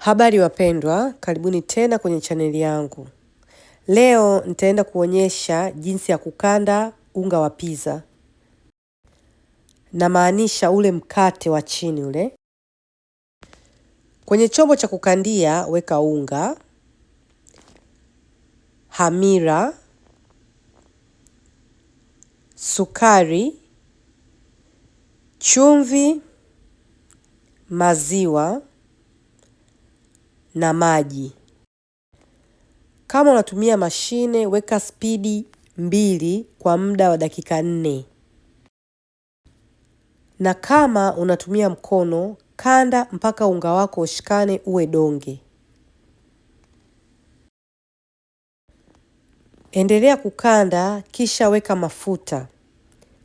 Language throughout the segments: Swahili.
Habari wapendwa, karibuni tena kwenye chaneli yangu. Leo nitaenda kuonyesha jinsi ya kukanda unga wa pizza, na maanisha ule mkate wa chini ule. Kwenye chombo cha kukandia, weka unga, hamira, sukari, chumvi, maziwa na maji. Kama unatumia mashine, weka spidi mbili kwa muda wa dakika nne, na kama unatumia mkono, kanda mpaka unga wako ushikane uwe donge. Endelea kukanda, kisha weka mafuta.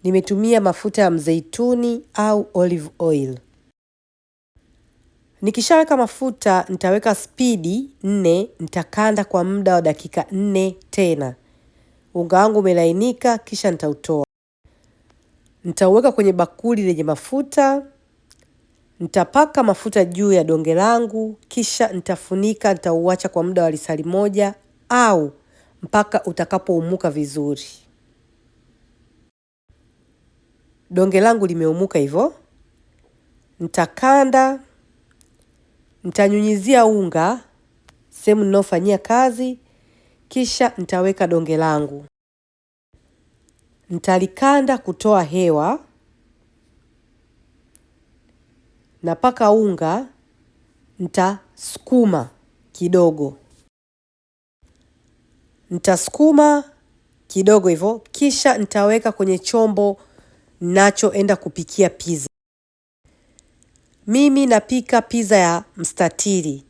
Nimetumia mafuta ya mzeituni au olive oil. Nikishaweka mafuta nitaweka spidi nne, nitakanda kwa muda wa dakika nne tena. Unga wangu umelainika, kisha nitautoa. Nitauweka kwenye bakuli lenye mafuta. Nitapaka mafuta juu ya donge langu, kisha nitafunika. Nitauacha kwa muda wa lisali moja au mpaka utakapoumuka vizuri. Donge langu limeumuka hivyo, nitakanda mtanyunyizia unga sehemu ninayofanyia kazi, kisha nitaweka donge langu, nitalikanda kutoa hewa, napaka unga, nitasukuma kidogo, nitasukuma kidogo hivyo, kisha nitaweka kwenye chombo nachoenda kupikia pizza. Mimi napika pizza ya mstatili,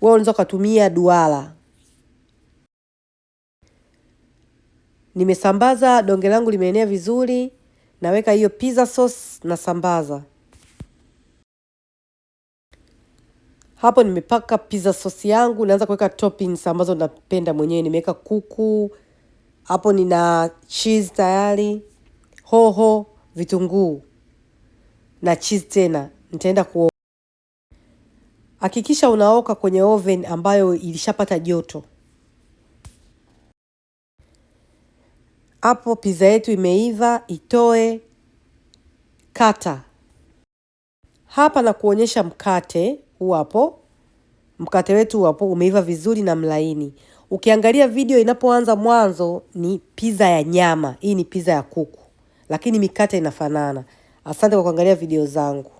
wewe unaweza ukatumia duara. Nimesambaza donge langu limeenea vizuri, naweka hiyo pizza sauce nasambaza hapo. Nimepaka pizza sauce yangu, naanza kuweka toppings ambazo napenda mwenyewe. Nimeweka kuku hapo, nina cheese tayari, hoho, vitunguu na cheese tena, nitaenda kuoka. Hakikisha unaoka kwenye oven ambayo ilishapata joto. Hapo pizza yetu imeiva, itoe. Kata hapa na kuonyesha mkate huu hapo. Mkate wetu hapo umeiva vizuri na mlaini. Ukiangalia video inapoanza mwanzo, ni pizza ya nyama. Hii ni pizza ya kuku, lakini mikate inafanana. Asante kwa kuangalia video zangu.